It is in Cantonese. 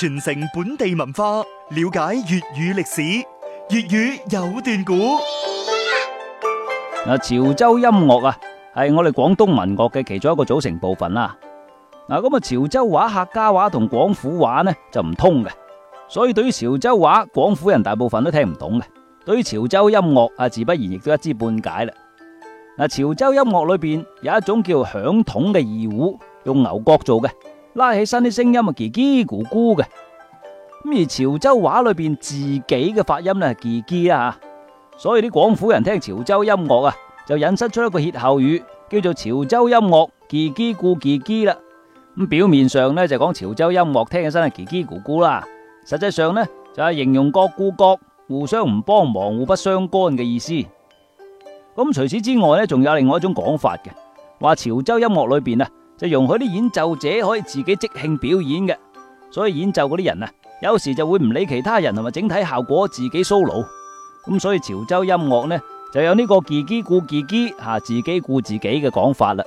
傳承本地文化，了解粵語歷史，粵語有段古。嗱，潮州音樂啊，係我哋廣東民樂嘅其中一個組成部分啦。嗱，咁啊，潮州話、客家話同廣府話呢就唔通嘅，所以對於潮州話，廣府人大部分都聽唔懂嘅。對於潮州音樂啊，自不然亦都一知半解啦。嗱，潮州音樂裏邊有一種叫響筒嘅二胡，用牛角做嘅。拉起身啲聲音啊，嘰嘰咕咕嘅。咁而潮州話裏邊自己嘅發音呢，嘰嘰啊，所以啲廣府人聽潮州音樂啊，就引申出一個歇後語，叫做潮州音樂嘰嘰咕嘰嘰啦。咁表面上呢就講潮州音樂聽起身係嘰嘰咕咕啦，實際上呢，就係形容各顧各，互相唔幫忙，互不相干嘅意思。咁除此之外呢，仲有另外一種講法嘅，話潮州音樂裏邊啊。就容許啲演奏者可以自己即興表演嘅，所以演奏嗰啲人啊，有時就會唔理其他人同埋整體效果，自己 solo。咁所以潮州音樂呢，就有呢個吉吉顧吉吉自己顧自己吓，自己顧自己嘅講法啦。